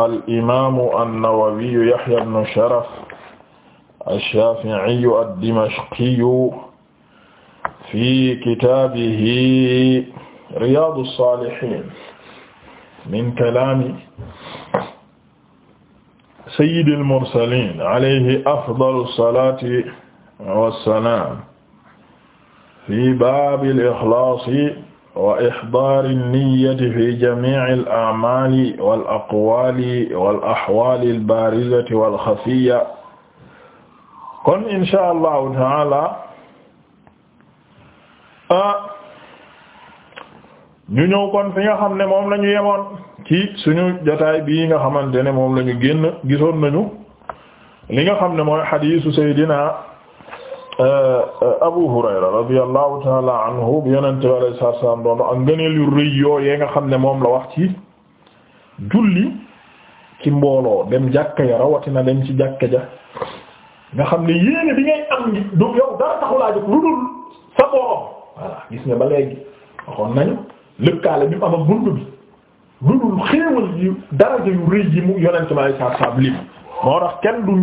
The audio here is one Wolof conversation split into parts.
al'imaamu an-Nawawiyu Yahya ibn Sharaf ash-Shaafi'iyu ad-Dimashqiyu fi kitaabihi Riyaadu s-Saalihiin min kalaami sayyidil mursaliin alayhi afdalu s-salaati wa s-salaam fi baabil ikhlaasi wa ihdaari niyyati fi jamiicil a'maali wal aqwaali wal ahwaali al baarizati wal xafiyya kon inshaa Allahu ta'aala ñu ñëw kon fi nga xam ne moom la ñu yemoon ci suñu jotaay bii nga xamante ne moom la ñu génn gisoon nañu li nga xam ne mooy hadiisu Seydina Euh, euh, Abu Hurayra radiyallahu taala anhu bi yonente bi alayhi salaatu salaam doon ak ngëneel yu rëy yooyee nga xam ne moom la wax ci julli ci mbooloo dem jàkka ya rawatina dem ci jàkka ja nga xam ne yéene bi ngay am yow dara taxulaa jóg lu dul sa borom voilà gis nga ba léegi waxoon nañu lëkkaale bi am ak bunt bi lu dul xéewal yu daraja yu rëy yi mu yonente bi alayhi salaatu salaam lim moo tax kenn du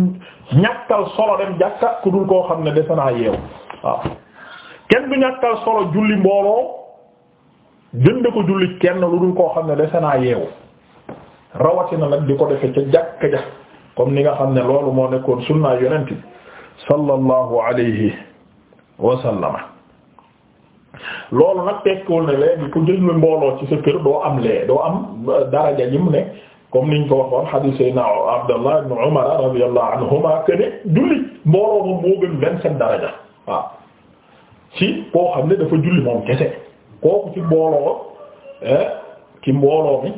ñàkkal solo dem jàkka ku dul koo xam ne defe naa yeew waaw kenn du ñàkkal solo julli mbooloo jënd ko julli kenn lu dul koo xam ne defe naa yeew rawatina nag di ko defe ca jàkka ja comme ni nga xam ne loolu moo nekkoon sunnaa yonent bi sallallahu alayhi wa loolu nag tekkiwul ne léegi ku jënd mbooloo ci sa kër doo am lee doo am daraja ji mu ne comme niñ ko waxoon hadith sayna Abdallah ibn Umar radiyallahu anhuma que ne julli mbooloo moom moo gën vingt daraja waaw ci koo xam ne dafa julli moom kese kooku ci mbooloo eh, ci mbooloo mi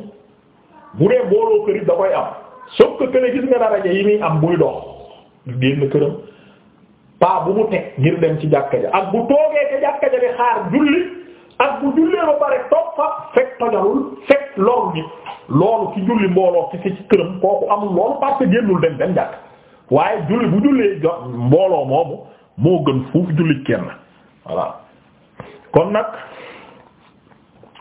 bu dee mbooloo kër da koy am sauf que ne gis nga daraja yi muy am buy dox génn këram pas bu mu teg ngir dem ci jàkka ja ak bu toogee ca jàkka ja di xaar julli ak bu jullee ba pare toog fekk tojalul fekk loru nit loolu ci julli mbooloo kese ci këram kooku am loolu parce que génnul dem dem jàkk waaye julli bu jullee mbooloo moomu moo gën fuuf julli kenn voilà kon nag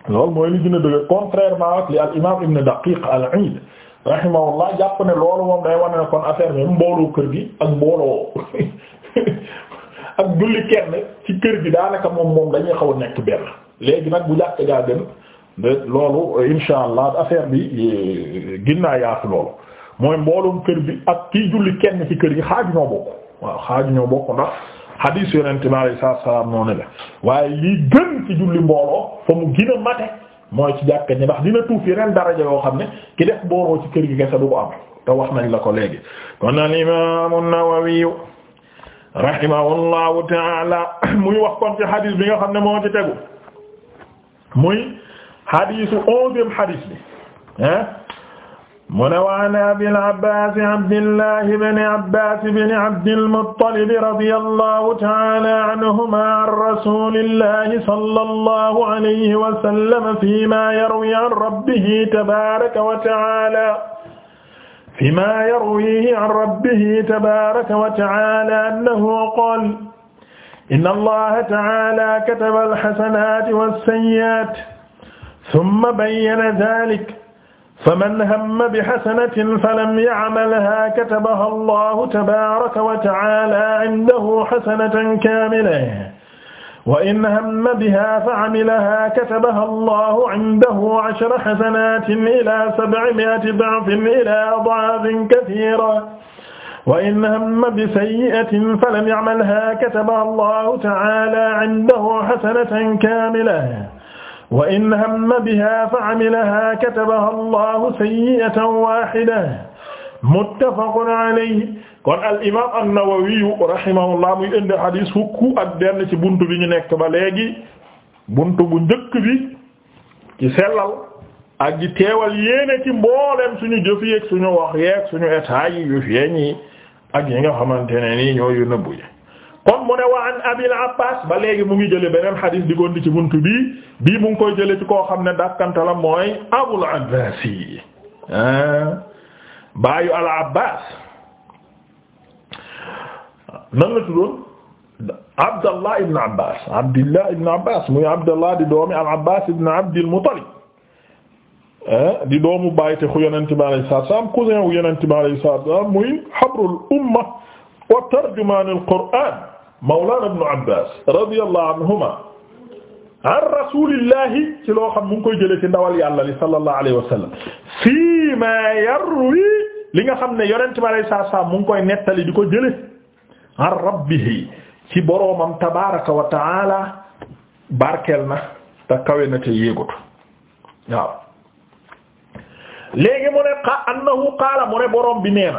loolu mooy li gën a dëgg contrairement li al imam ibn daqiq al iid rahimahullah jàpp ne loolu moom day wane ne kon affaire bi mbooloo kër gi ak mbooloo ak julli kenn ci kër gi daanaka moom moom dañuy xaw a nekk benn léegi nag bu jàkk gaa gën loolu insha allah affaire bi e, ginnaa yaatu loolu mooy mboolum kër bi ak kii julli kenn ci kër gi xaaju ñoo bokk waaw xaaju ñoo bokk ndax xadiis yonent bi alayhi salaam noonu la waaye lii gën ci julli mbooloo fa mu gën a mate mooy ci jàkka ñi ndax dina tuuf yeneen daraja yoo xam ne ki def mbooloo ci kër gi kese du ko am te wax nañ la ko léegi kon al imaam an-Nawawi rahimahullahu ta'ala muy wax kon ci xadiis bi nga xam ne moo ci tegu muy xadiisu onzième xadiis bi ah mu ne waan abil abbas abdillah ibn abbas ibn abdil muttalib radiyallahu ta'ala anhuma an rasulillahi sallallahu alayhi wa sallam fima yarwi an rabbihi tabaraka wa ta'ala فيما يرويه عن ربه تبارك وتعالى أنه قال إن الله تعالى كتب الحسنات والسيئات summa bayyana daalika faman hamma bixasanatin falam yacmalhaa katabaha allahu tabaaraka wa tacaala cindahu xasanatan kaamilatan wa in hamma bihaa facamilahaa katabaha allahu cindahu cashra xasanaatin ilaa sabcimi'ati dacfin ilaa adcaafin kasiira wa in hamma bisayyi'atin falam yacmalhaa katabaha allahu tacaala cindahu xasanatan kaamilatan wa in hamma bihaa fa'amilahaa katabahaa Allahu sayyi'atan waahidatan muttafaqun alayhi kon al imaam an-Nawawi rahimahullah muy indi hadis fukk ak benn ci buntu bi ñu nekk ba léegi buntu bu njëkk bi ci sellal ak di teewal yéene ci mbooleem suñu jëf yeeg suñu wax yeeg suñu état yi yu feeñ yi ak yi nga xamante ne mu ne wa an abil abbas ba léegi mu ngi jële beneen xadis di gondi ci buntu bii bii mu ngi koy jële ci koo xam ne dàkkanta la mooy abul abbas yi baayu al abbas nan la tuddoon abdallah ibn abbas abdillah ibn abbas muy abdallah di doomi al abbas ibn abdil muttalib di doomu bàyyite xu yonente bi alayhi salaatu salaam cousin wu yonente bi alayhi salaatu salaam muy habrul umma wa tarjumaanul qur'aan mawlana ibn abbas radiyallahu anhuma an rasulillahi ci loo xam mu koy jëlee ci ndawal yàlla li sallallahu alayhi wa sallam fii li nga xam ne yonent bi alayhi salaatu salaam mu ngi koy nettali di ko jële an rabbihi ci boroomam tabaraka wa taala barkeel na te kawe na te yéegut waaw léegi mu ne boroom bi nee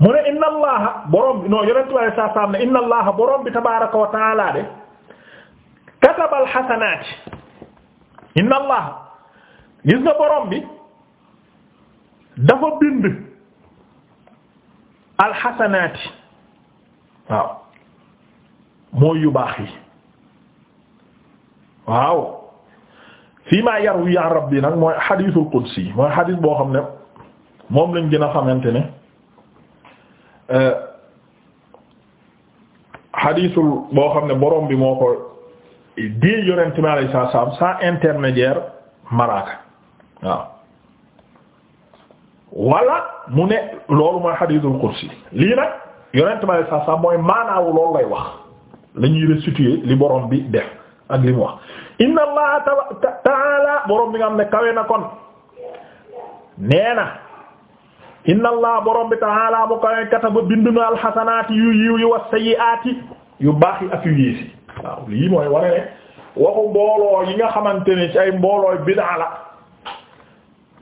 mu ne inna allaha borom bi non yonentu Yàlla saa saam ne inna allaha borom bi tabaaraka wa taala de kataba alxasanaat inna allaha gis nga borom bi dafa bind alxasanaat waaw mooy yu baax yi waaw fii maa yarwi an rabbi nag mooy xadiisul qudsi mooy xadiis boo xam ne moom lañ gën a xamante ne xadiisul euh, boo xam ne borom bi moo ko dee yonent mi alayhi salaam sans intermédiaire malaaka waaw wala mu ne loolu mooy xadiisul qudsi lii nag yonent mi alayhi mooy maanaawu loolu lay wax lañuy ñuy restituer li borom bi def ak li mu wax inna allaha ta'ala borom bi nga xam ne kawe na kon nee na inna allah borom bi ta'ala bu kawe kataba bindu na alxasanaati yu yiw yi wa sayyiaati yu baax yi ak yu yiis yi waaw lii mooy wane ne waxu mbooloo yi nga xamante ne ci ay mboolooy bidaa la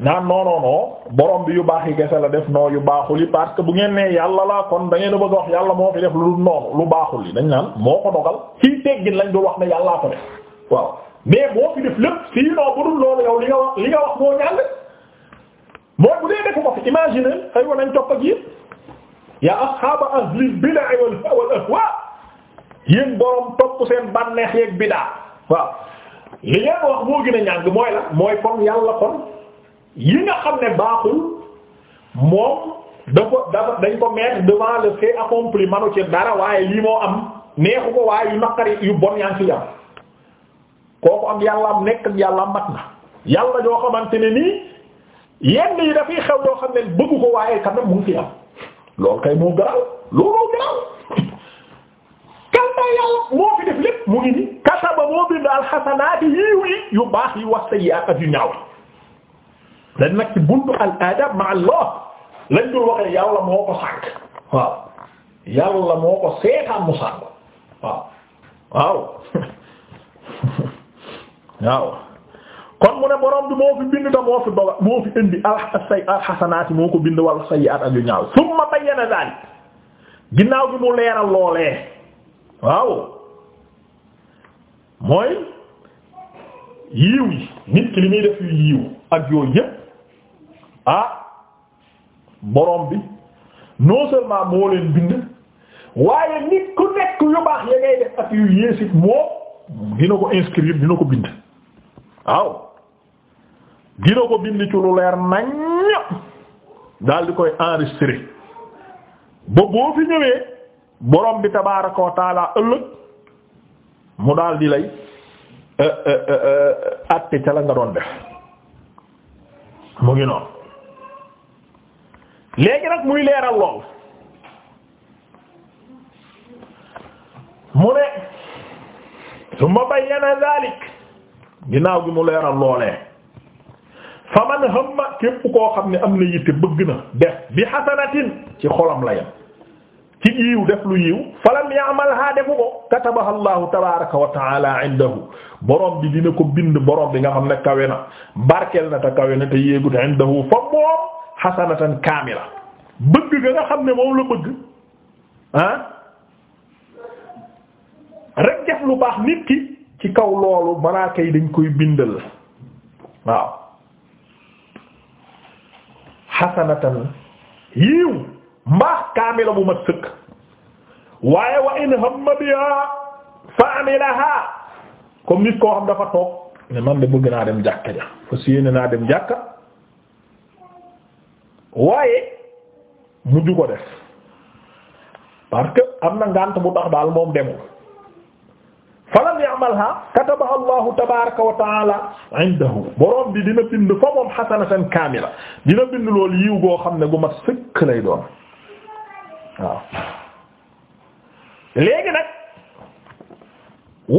naan non borom bi yu baax yi gese la def noo yu baaxul yi parce que bu ngeen nee yàlla la kon da ngeen bëgg yàlla moo fi def lu dul noonu lu baaxul dañ naan moo ko dogal fii teggin lañ doon wax ne yàllaa ko def waaw mais boo fi def lépp fii noo budul loolu yow wax li nga wax moo mooy bu dee defu ko fi imagine ay wa nañ topp ak yéen yaa ashaaba ahlil bid'a wal ahwaa yéen borom topp seen bànneex yeeg bid'a waaw li ngeen wax moo gën a ñàng mooy la mooy kon yàlla kon yi nga xam ne baaxul moom dafa dafa dañ ko mettre devant le fait accompli manu ci dara waaye lii moo am neexu ko waaye yu naqari yu bon yaa ngi ci am kooku am yàlla am nekk ak yàlla mat na yàlla joo xamante nii. yenn yi dafay xew yoo xam ne bëggu ko waaye quand même mu ngi fi am loolu kay moo garaaw looloo garaaw kalmaa yàlla moo fi def mu ngi ni kataba moo bind alxasanaati yiiw yi yu baax wax sayyi'aat ak yu ñaaw lan nag ci al adab ma Allah lañ dul waxee yàlla moo ko sànk waaw yàlla moo ko mu sànk waaw waaw waaw kon mu ne borom bi moo fi bind da moo fi ba moo fi indi alxasay alxasanaati moo ko bind wala sayyi'aat ak yu ñaaw summa bayyana daal ginnaaw bi mu leeral loolee waaw mooy yiiw yi nit ki li muy def yu yiiw ak yooyu yëpp ah borom bi non seulement moo leen bind waaye nit ku nekk yu baax ya ngay def ak yu yées moo dina ko inscrire dina ko bind waaw dina ko bind ci leer nañ daal di koy enregistrer ba boo fi ñëwee borom bi tabaaraka wa taala ëllëg mu daldi di lay euh, euh, euh, àtte ca la nga doon def mu ngi noonu léegi nag muy leeral lool mu ne summa bayyana zalik ginnaaw gi mu leeral loolee fa man hamma képp koo xam ne am na yitte bëgg na def bi xasanatin ci xolam la yam ci yiw def lu yiw falam ya'malha defu ko katabaha allahu tabaraka wa taala borom bi dina ko bind borom bi nga xam ne kawe na barkeel na te kawe na te yéegut indahu fa moom xasanatan kaamila bëgg ga nga xam ne moom la bëgg ah rek def lu baax nit ki ci kaw loolu malaaka yi dañ koy bindal waaw xasanatan yiiw mbaax kaamila bu mat sëkk waaye wa in hamma biha fa amilaha comme nit koo xam dafa toog ne man de bëgg naa dem jàkka ja fa siyéene naa dem jàkka waaye mujj ko def parce que am na ngànt bu tax daal moom demul falam ya'malha katabaha Allahu tabaaraka wa ta'ala indahu borom bi dina bind fa moom hasanatan kaamila dina bind lool yiw goo xam ne gu mat sëkk lay doon waaw léegi nag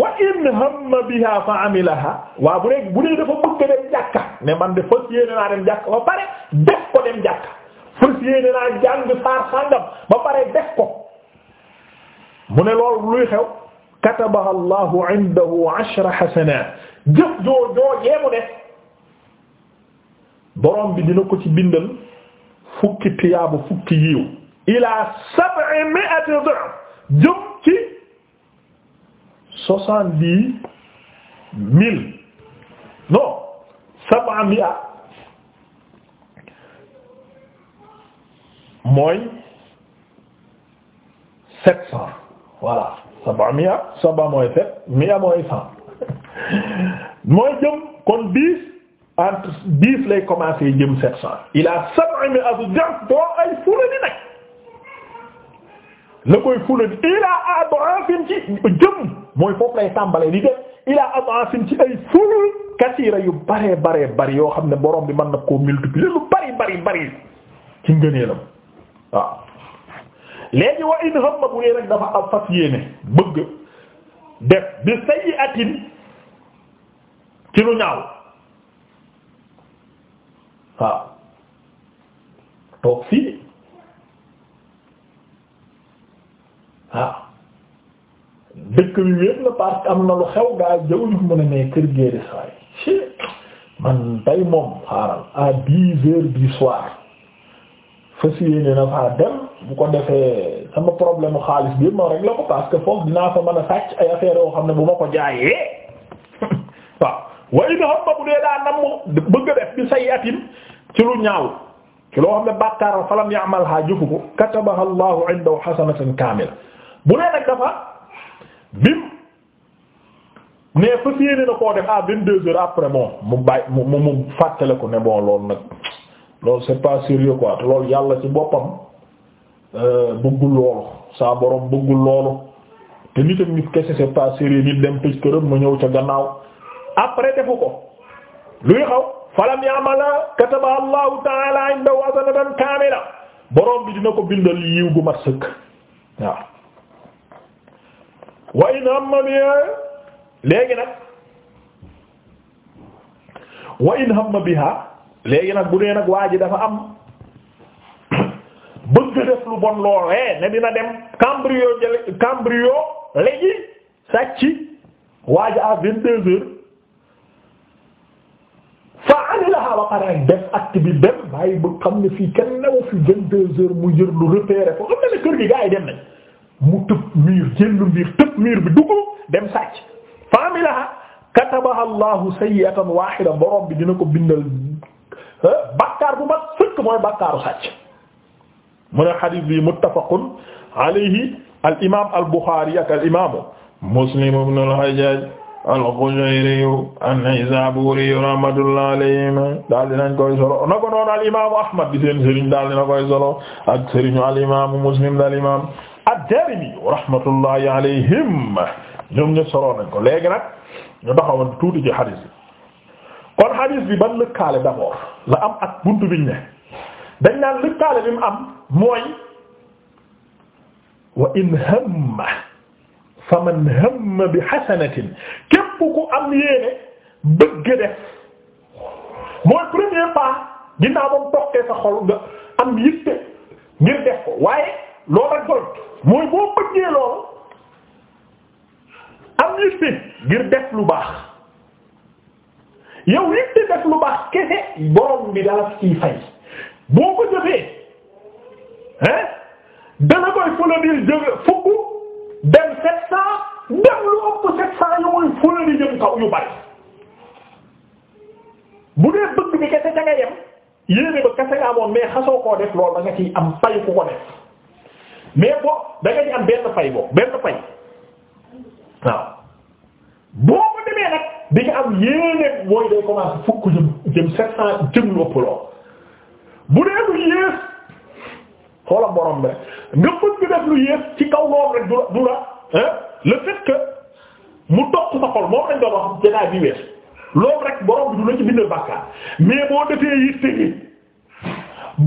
wa in hamma biha fa amilaha waaw bu dee bu dee dafa bëgg dem jàkka ne man de fas yéene naa dem jàkka ba pare def ko dem jàkka fas yéene naa jàng saar sàngam ba pare def ko mu ne loolu luy xew katabaha allahu indahu ashra xasanaat jëf joo joo jeemu def borom bi dina ko ci bindal fukki tiyaabu fukki yiw ila sab'i mi'ati du'f jëm ci soixante-dix mille non sab'a mi'a mooy sept cents voilà saba miya saba mooy sept miya mooy cent mooy jëm kon dix entre dix lay commencer jëm sept cent il a sab'a mi'a def doo ay fulani nag la koy fulani il a ad'afin ci jëm mooy foofu lay tàmbalee di def il a ad'afin ci ay ful kasiira yu bare bare bari yoo xam ne borom bi mën na koo multiplier lu bari bari bari ci ngëneelam waaw léegi wa in hamma bu dee nag dafa am fas yéene bëgg def bi sayyi'atin ci lu ñaaw waaw toog fii waaw dëkk bi wéet la parce am na lu xew gaa jëw ñu mën a ne kër géeri saay soir fas yéene na faa dem bu ko defee sama problème mu xaalis bi ma rek la ko parce que foofu dinaa fa mën a sàcc ay affaire yoo xam ne bu ma ko jaayee waaw waaye it xam nga bu dee daa nam bëgg a def bi say atin ci lu ñaaw ci loo xam ne bàkkaaram falam ya'malha jëfu ko katabaha Allahu 'indahu hasanatan kaamila bu dee nag dafa bim ne fa yéene na koo def à vingt-deux heures après bon mu ba mu mu fàttale ko ne bon lool nag loolu c'est pas sérieux quoi te loolu yàlla ci boppam. Euh, bëggul loolu saa borom bëggul loolu te nit ak nit kese c'est pas nit dem tëj këram mu ñëw ca gannaaw après defu ko luy xaw falam ya'mala kataba allahu ta'ala indahu hasanatan kaamila borom bi dina ko bindal yiw gu mat sëkk waaw wa in hamma bi léegi nag wa in hamma biha léegi nag bu dee nag waa ji dafa am def lu bon loolee ne dina dem cambrio jële cambrio léegi sàcc waaja fa anilaha ba pare ak def bi dem bàyyi ba xam ne fii kenn newu fi vingt-deux heures mu jër lu repéré ko xam ne ne kër gi dem nañ mu tëb miir jënd miir tëb bi dugg dem sàcc fa amilaha katabaha allahu sayiatan wahida borom bi dina ko bindal bu mag sëkk mooy bakkaaru sàcc mu ne xadis bi muttafaqun alayhi al imam al buxaari ak al imaamu muslim ibn al hajjaj al qushayri an naysaburi rahmatullah alayhim daal dinañ koy solo na ko noonu al imaamu ahmad di seen sëriñ daal dina koy solo ak sëriñu al imaamu muslim daal imaam ad-daarimi rahmatullahi alayhim ñoom ñu solo nañ ko léegi nag ñu taxawoon tuuti ci xadis bi kon xadis bi ban lëkkaale d'abord la am ak buntu biñ ne dañ naan lëkkaale bi mu am. mooy wa in hamma faman hamma bi hasanatin képp ku am yéene bëgg def mooy premier pas ginnaaw ba mu toqee sa xol nga am yitte ngir def ko waaye loolu ak doy mooy boo bëggee loolu am yitte ngir def lu baax yow yitte def lu baax kese borom bi daal ciy fay boo ko jëfee. hein dana koy fuladil jëm fukk dem sept cent dem lu ëpp sept cent yu muy fuladi jëm kaw yu bari bu dee bëgg bi kese ca nga yem yéene ba kese nga amoon mais xasoo koo def loolu da nga ciy am pay ku ko def mais bo da nga ci am benn pay boo benn jëm jëm sept cent jëm lu ëpp lool bu dee lu yées xoolam borom bi rek nga bëgg def lu yées ci kaw loolu rek du la du mu toq sa xol moom lañ doon wax janaay bi wees loolu rek borom bi du la ci bindal bàkkaar mais boo defee yitte gi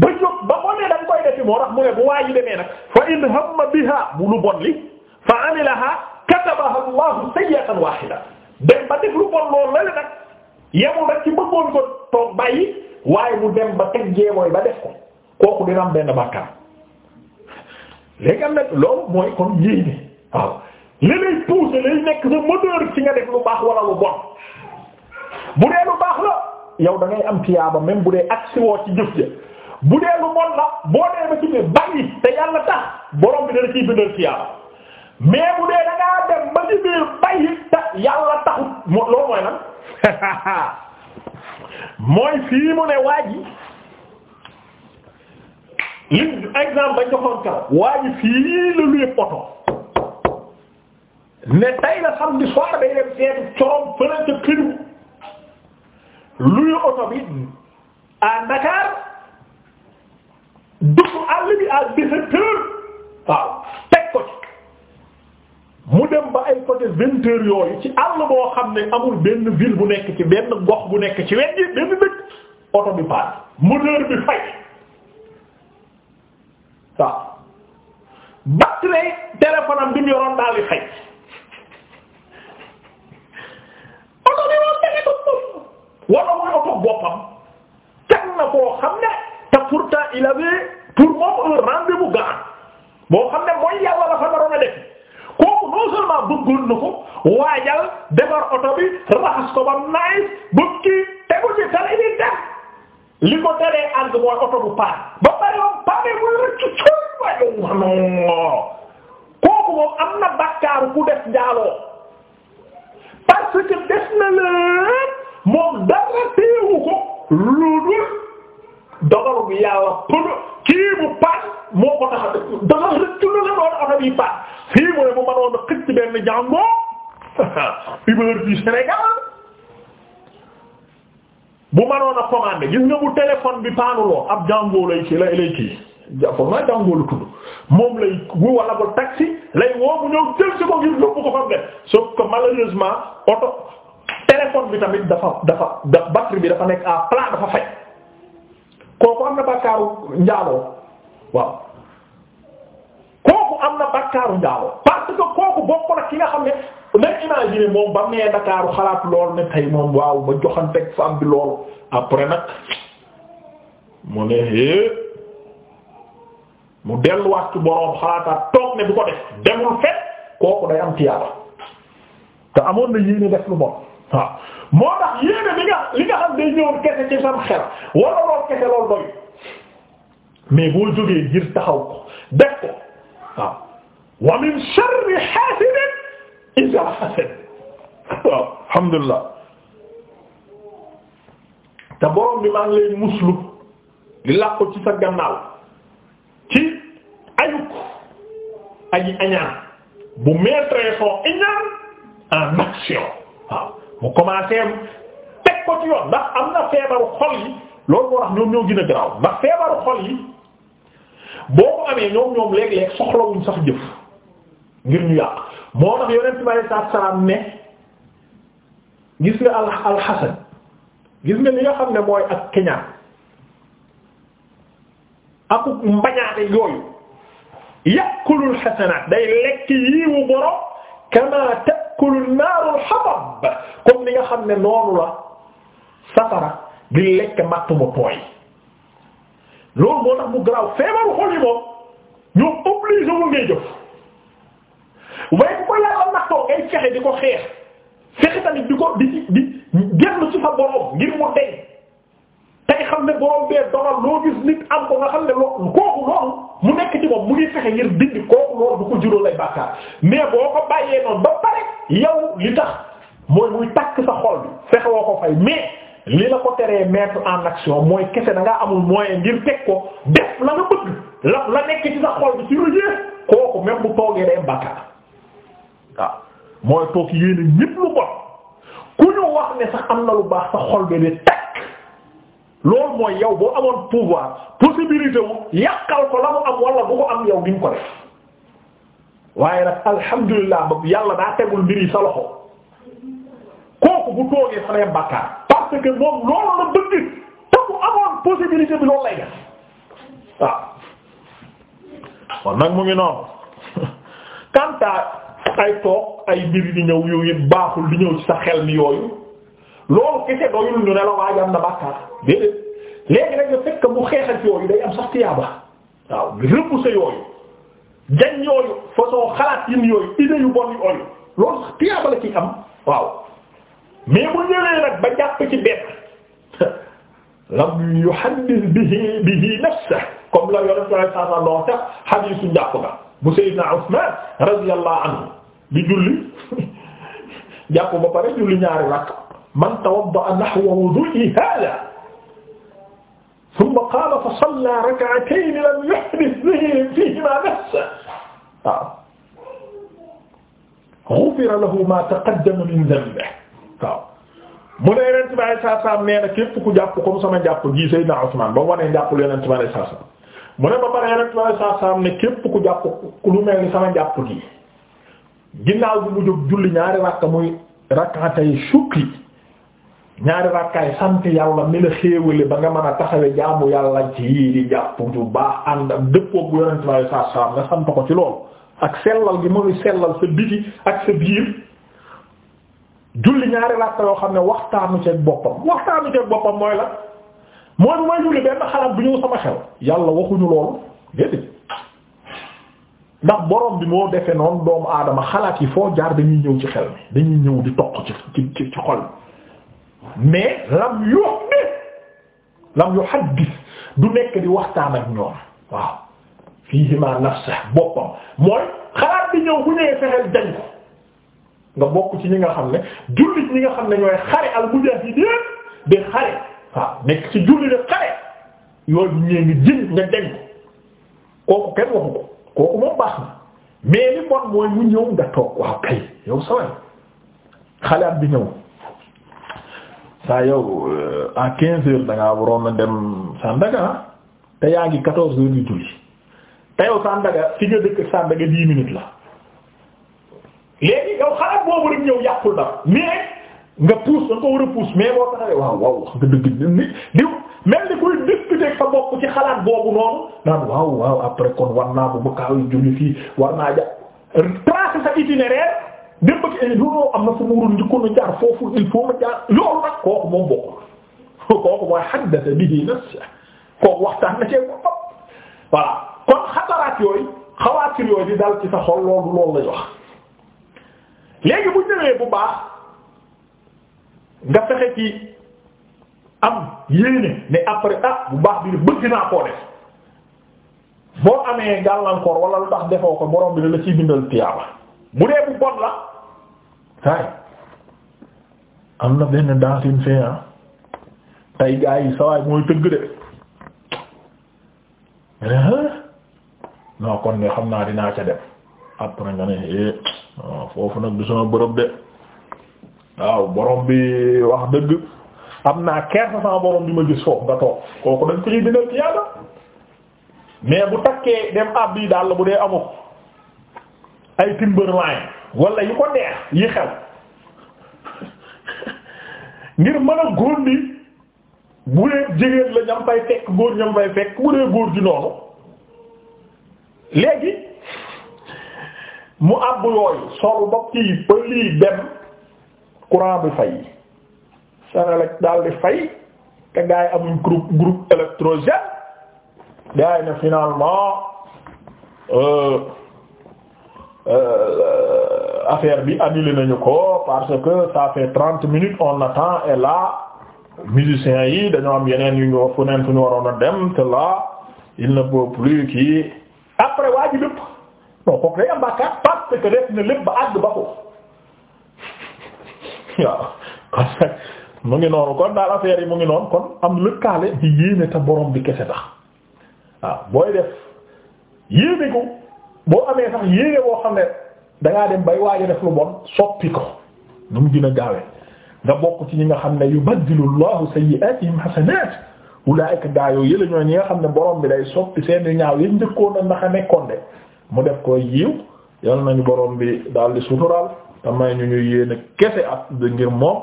ba jóg ba ko ne dañ koy defi moo tax mu ne bu waa ji demee nag fa in hamma biha bu lu bon li fa amilaha katabaha Allahu sayyatan wahida dem ba def lu bon loolu la nag yemul rek ci bëggoon ko toog bàyyi waaye mu dem ba teg jéemooy ba def ko kooku dina benn bàkkaar léegi am nag loolu mooy kon yéey ni waaw li lay pousser lay nekk sa moteur ci nga def lu baax wala lu bon bu dee lu baax la yow da ngay am tiyaaba même bu dee aksi woo ci jëf ja bu dee lu bon la boo dee ba ci ne bàyyi te yàlla tax borom bi dana da ngaa dem ba ci biir bàyyi te yàlla taxut loolu mooy lan mooy fii mu ne waa ji lim exemple ba joxoon ka waaye fii la luy poto ne tay la samedi soir day dem seetu corom fële ca këru luy oto bi à Dakar dugg àll bi à dix-sept waaw teg ko ci mu dem ba ay côté vingt heures yooyu ci àll boo xam ne amul benn ville bu nekk ci benn gox bu nekk ci wet gi benn dëkk oto bi paas moteur bi fay waaw batterie bi mu yoroon daal di oto bi moom danga ko walla mooy oto boppam teg na xam ne te pourtant il avait pour moom un rendez-vous garan boo xam ne mooy yàlla la fa naroon a def kooku non seulement bëggoon na ko waajal defar oto bi raxas ko ba nice bu kii tegu ci tali bi def li ko dalee àgg mooy oto bu paan ba pare moom paan yi mooy rëcc cooy waaye non kooku moom am na bakkaaru ku def njaaloo parce que des na lépp moom dara teewu ko lu dul dogalu bi yàlla pël kii bu paan moo ko tax danga rëccu la la doon oto bi paan fii mooy bu mënoon a xëcc benn jàngoo humeur du Sénégal bu manoon a commandé gis nga bu téléphone bi paanuloo ab jàngoo lay ci lay lay kii jàppal naa jàngoo la tudd moom lay bu wala ba taxi lay woo bu ñëw jël si ko ngir yóbbu ko fa nga sauf que malheureusement oto téléphone bi tamit dafa dafa da batterie bi dafa nekk à plat dafa fay kooku am na bakkaaru njaaloo waaw kooku am na bakkaaru njaaloo parce kooku bokk na ki nga xam ne nag imaginer moom ba mee Dakar xalaat lool ne tey moom waaw ba joxanteeg am bi lool après nag mu ne hee eh, mu delluwaat ci boroom xalaataat toog ne du ko def demul fet kooku day am tiyaaba te amoon na yéene def lu bon moo tax yéene li nga li nga xam day ñëw kese ci sam xel wala lool kese lool doy mais boo jógee ngir taxaw ko def ko waaw wa min sharri hasidin isa xasan waaw alhamdulillah te borom bi maa ngi lay muslu di làqu ci sa gannaaw ci ayuk aji añaan bu mettre son iñaan en action waaw mu commencé teg ko ci yoon ndax am na feebaru xol yi loolu moo tax ñoom ñoo gën a garaaw feebaru xol yi boo amee ñoom ñoom léeg-léeg soxlawuñ sax jëf ngir ñu yàq moo tax yonent ne gis nga al alxasan gis nga li nga xam ne mooy ak keñaan aku mbañaane yooyu yàqulul xasanaat day lekk yiiwu borom kama takulul naarul xatab comme li nga xam ne noonu la safara di lekk matt mu tooy loolu moo tax mu garaaw feebaru xol yi moom ñoo obligé ngay fexe di ko xeex fexe tamit di ko di ci di génn ci sa borom ngir mu deñ tey xam ne borom bee dogal loo gis nit am ko nga xam ne loo kooku loolu mu nekk ci moom mu ngi fexe ngir dindi kooku loolu du ko juróo lay bàkkaar mais boo ko bàyyee noonu ba pare yow li tax mooy muy takk sa xol bi fexe woo ko fay mais li la ko teree mettre en action mooy kese da ngaa amul moyen ngir teg ko def la nga bëgg la la nekk ci sa xol bi ci lu jeex kooku même bu toogee day mooy toog yéene ñépp lu bon ku ñu wax ne sax am na lu baax sa xol bi di takk loolu mooy yow boo amoon pouvoir possibilité wu yàqal ko la mu am wala bu ko am yow diñ ko def waaye nag alhamdulilah yàlla daa tegul mbir yi sa loxo kooku bu toogee sa neen bàkkaar parce que moom loolu la bëgg te bu amoon possibilité bi loolu lay def waaw kon nag mu ngi noonu kanta ay toog ay mbir di ñëw yooyu yëpp baaxul di ñëw ci sa xel mi yooyu loolu kese doyul ñu ne la waa am na bàkkaar déedéet léegi nag mu xeex ak yooyu day am sax tiyaaba waaw repousser yooyu jañ yooyu façon xalaat yin yooyu idée yu bon yooyu loolu sax la ci am waaw mais bu ñëwee nag ba jàpp ci benn lam yuhaddis bihi bihi nafsa comme la yonent sallallahu alayhi wa sallam hadithu njàpp nga bu sayyidina Usman radiyallahu anhu di julli jàpp ba pare julli ñaari rakk man tawadda'a nahwa wudu'i haaza thumma qaama fa salla rak'atayni lam yuhdith fiihimaa nafsahu waaw ghufira lahu maa taqaddama min dhanbihi waaw mu ne Yonent bi alayhi salaam nee na képp ku jàpp comme sama jàpp gi Seydina Usmaan ba wane jàpp Yonent bi alayhi salaam mu ne ba pare Yonent bi alayhi salaam ne képp ku jàpp lu mel ni sama jàpp gi ginnaaw bi mu jóg julli ñaari rakka muy rakkatay shukri ñaari rakkaay sant yàlla mi la xéewale ba nga mën a taxawe jaamu yàlla ci yii di jàpp bu baax ànd ak dëppoo bu yonente bi salaam nga sant ko ci loolu ak sellal gi muy sellal sa biti ak sa biir julli ñaari rakka yoo xam ne waxtaanu ceeg boppam waxtaanu ceeg boppam mooy la mooy bu may julli benn xalaat bu ñëw sama xel yàlla waxuñu loolu déedéet ndax borom bi moo defee noonu doomu aadama xalaat yi foo jaar dañuy ñëw ci xel mi dañuy ñëw di toq ci ci ci xol mais lam yu lam yu xaddis du nekk di waxtaan ak ñoom waaw fiihima nafsa boppam mooy xalaat bi ñëw bu ñëwee fexeel dañ ko nga bokk ci ñi nga xam ne jullit ñi nga xam ne ñooy xare al mujaahidiin di xare waaw nekk ci jullit di xare yooyu ñee ngi jin nga dañ ko kenn waxu ko kooku moom baax na mais li bon mooy mu ñëw nga toog waaw kay saway xalaat bi ñëw saa yow euh, à quinze heures da ngaa dem Sandaga te yaa ngi quatorze heures yu julli te yow Sandaga fi nga dëkk Sandaga dix minutes la léegi yow xalaat boobu rek ñëw yàqul dara mais nga pousse da nga ko war a pousse ni diw mel ni kuy discuter sa bopp xalaat boobu noonu naan waaw waaw kon war naa bu ba kaaw fii war naa ja tracer sa itinéraire démb ci loolu am na fu mu a jaar foofu il faut ma jaar loolu nag kooku moom bokkul kooku mooy haddatha bihi nafsa kooku waxtaan na cee bopp voilà kon xataraat yooyu xawaatir yooyu di dal ci sa xol loolu loolu lay wax léegi bu ñëwee bu baax. nga fexe ci am yéene ne après ah bu baax bi ne bëgg naa koo def boo amee gàllankoor walla lu tax defoo ko borom bi la ciy bindal tiyaaba bu dee bu bon la saay am na benn dansin fi ah tey gaa sawaay mooy tëgg de ah. non kon ne xam naa dinaa ca dem après nga ne eh, foofu nag du sama bërëb de waaw borom bi wax dëgg am naa kersa sama borom bi ma gis foofu nga toog kooku dañ ko ñuy bindal ci yàlla mais bu takkee dem àbb yi daal la bu dee amul ay Timberland wala yu ko neex yi xel ngir mën a góor ni bu dee jigéen la ñam fay fekk góor ñam fay fekk bu dee góor di noonu léegi mu àbb yooyu solu ba kii ba lii dem courant bi fay Senelec daal di fay te gars yi amuñ groupe groupe électrogène gars yi ne euh, euh, affaire bi annulé nañu ko parce que ça fait trente minutes on attend et là musiciens yi dañoo am yeneen yu ñu wax fu neen fu ñu waroon a dem te là il ne peut plus kii après waa ji lépp non kooku day am bàkkaar parce que def na lépp ba àgg ba ko. waaw kon nag mu ngi noonu kon daal affaire yi mu ngi noonu kon am lëkkaale di yéene te borom bi kese tax waaw booy def yéene ko boo amee sax yéene boo xam ne dangaa dem bay waaja def lu bon soppi ko nu mu gën a gaawee nga bokk ci ñi nga xam ne yubaddilu llahu sayyi'atihim hasanat ulaa'ika gaa yoo yële ñooy ñi nga xam ne borom bi day soppi seen ñaaw yëpp njëkkoon na ndax a nekkoon de mu def ko yiiw yal nañu borom bi daal suturaal. tamay ñu ñuy yéene kese ak de ngir moom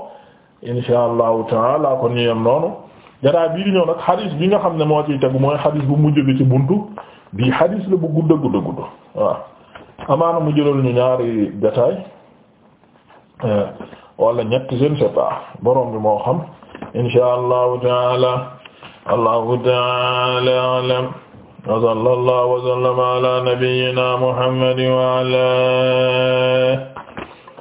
insha taala kon ñu noonu jataay bii di ñëw nag bi nga xam ne moo ciy tegu mooy xadis bu mujj bi ci buntu bii xadis la bu gudd a waaw amaana mu jëlal ñu ñaari jataay eh, wala ñett je ne sais pas moo xam insha taala allahu taala alam wa sallallahu wa sallama ala nabiyyina muhammadin wa ala